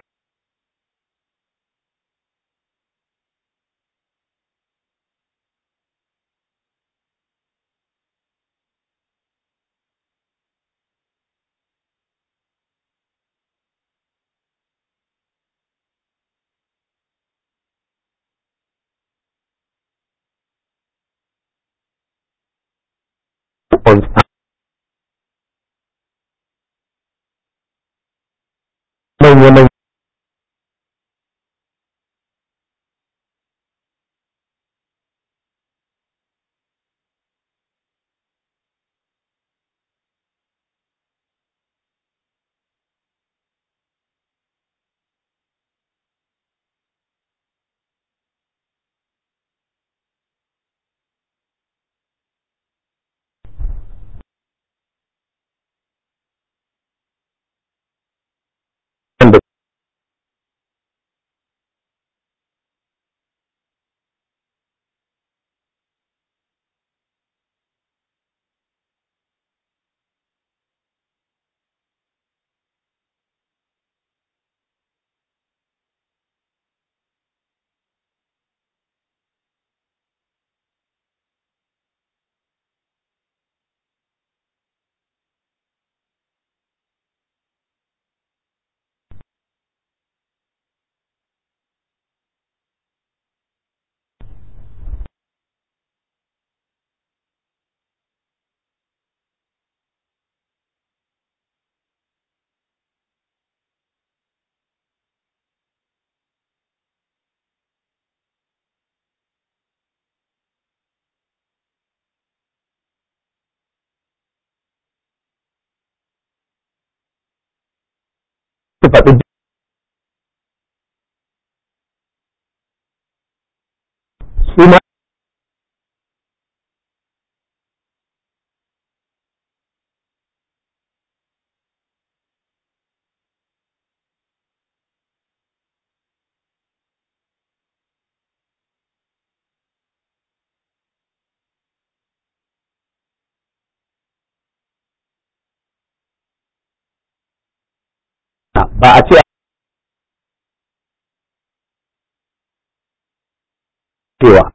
on they but the ba a ce cewa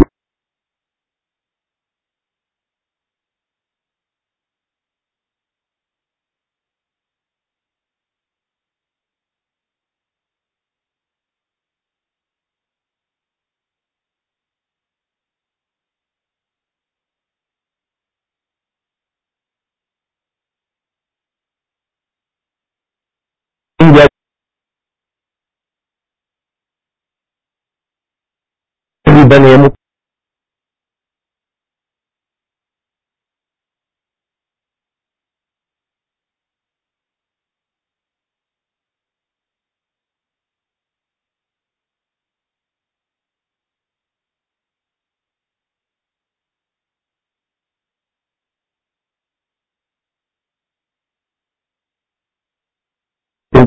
بنے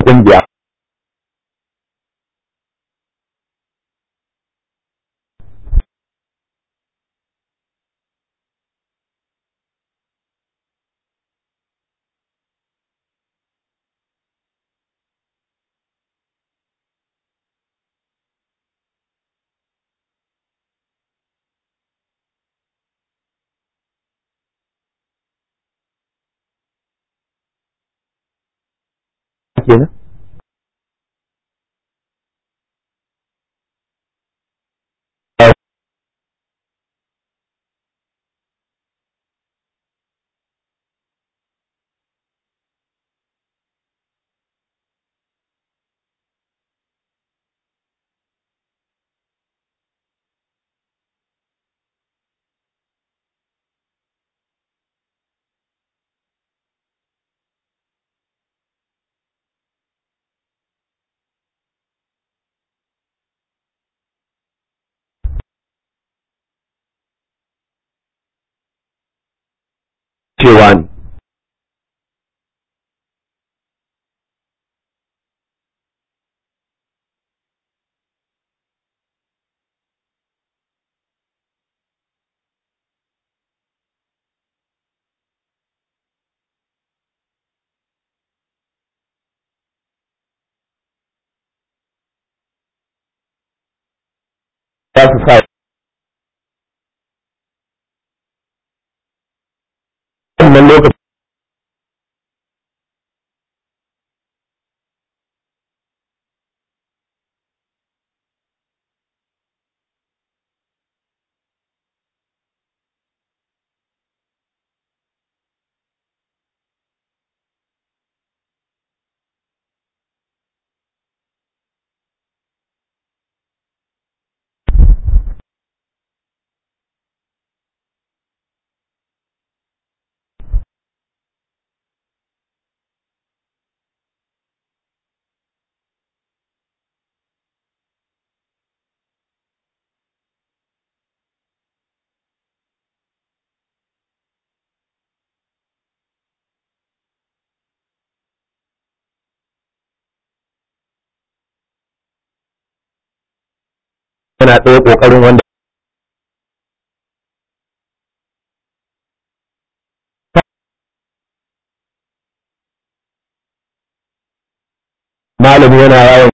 จึงอยาก姐呢？Q1. ನಮ್ಮ ಲೋಕ yana tsaye kokarin wanda malami yana yawon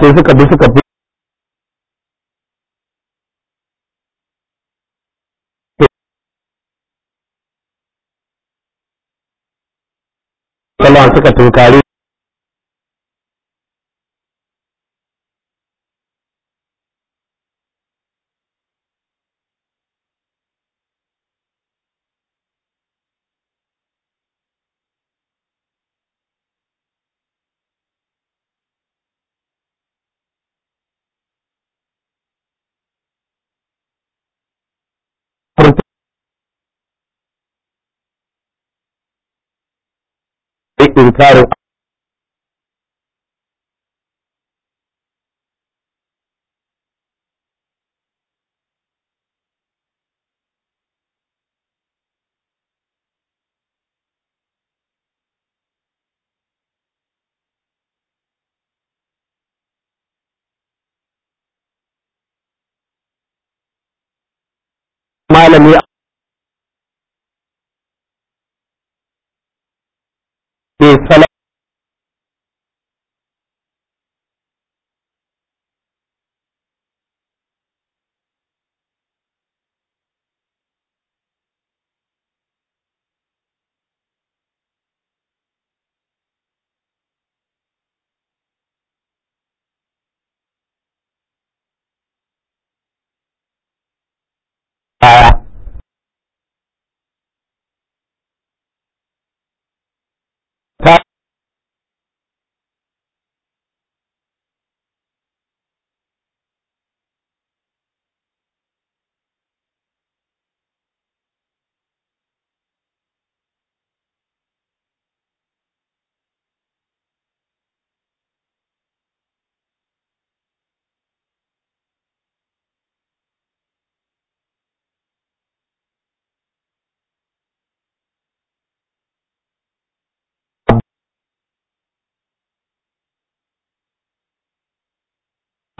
sai suka bi suka fi suka tunkari inkarin malami कि फला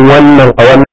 wannan والد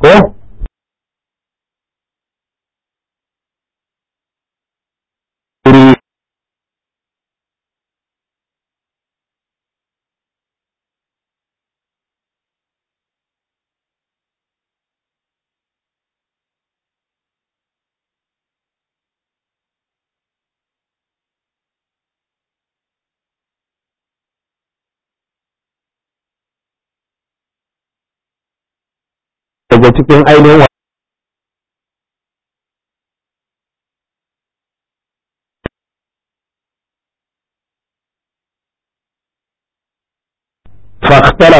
고 어? daga cikin ainihin فاختلف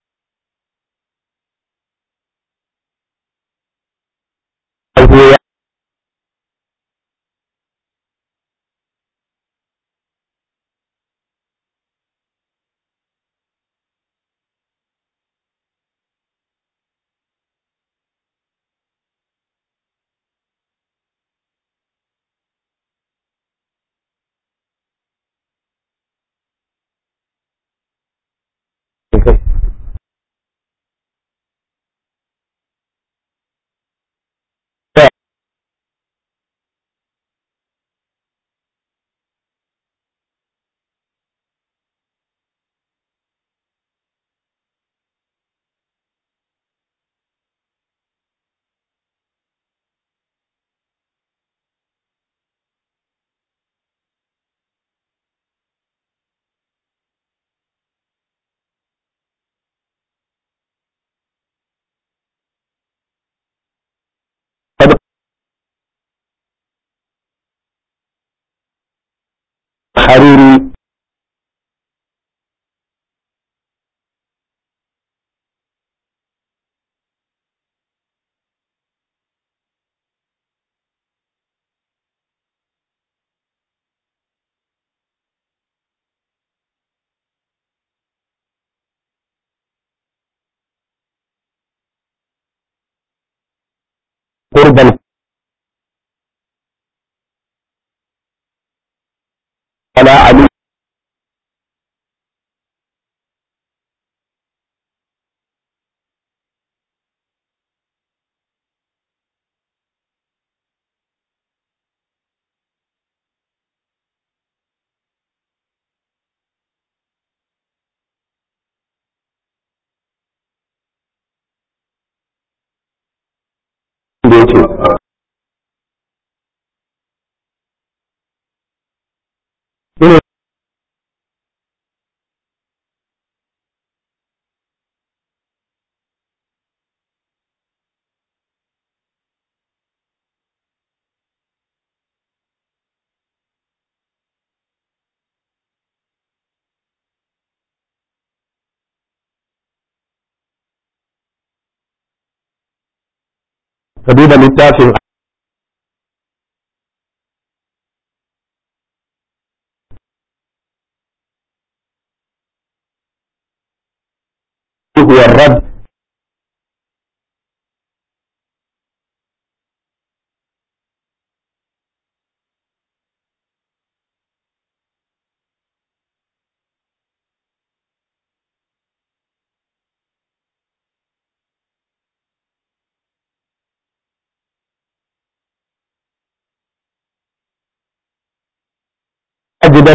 حريري قرب abin da yake ربیب نیتا سنگ যেটা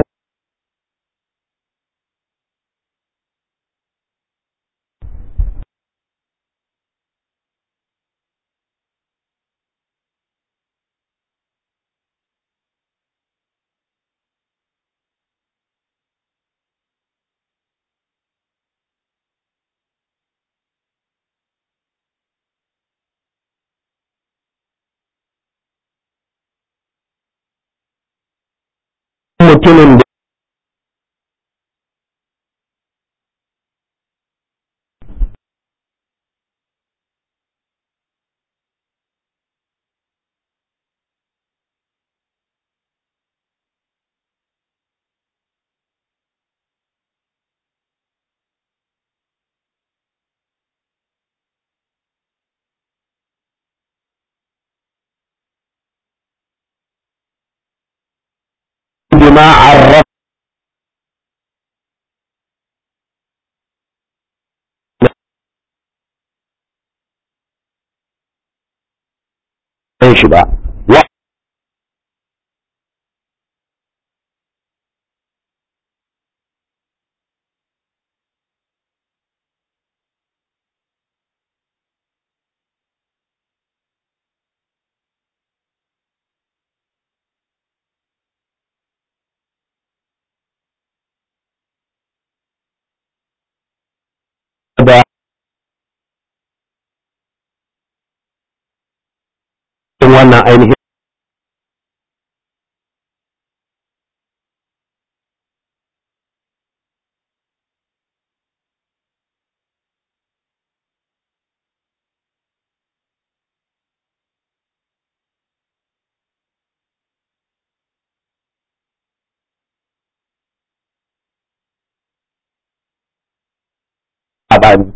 mutumin عرف شبہ wannan ainihin a bani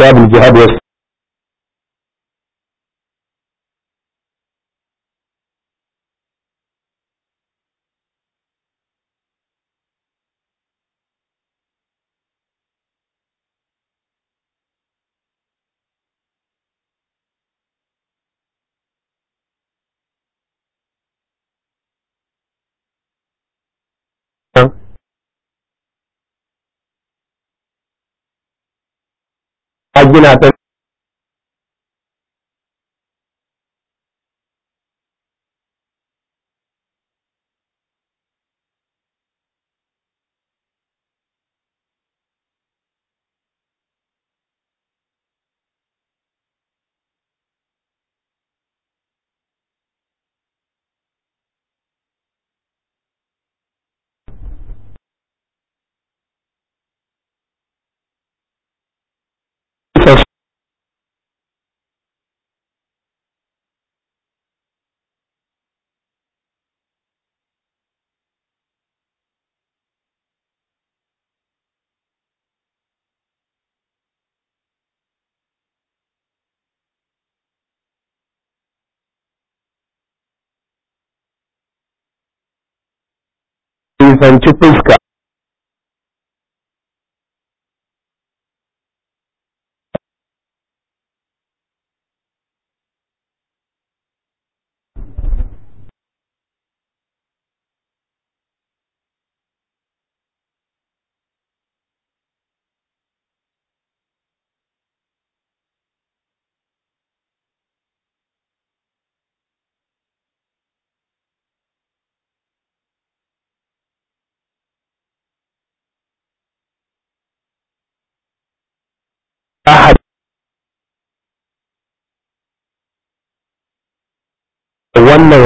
babu jihad جاتے nisanci fuska wannan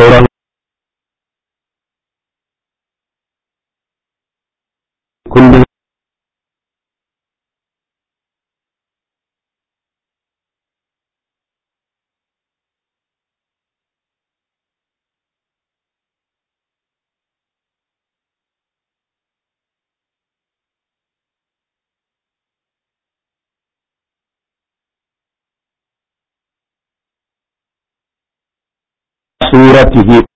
दौरान suratihi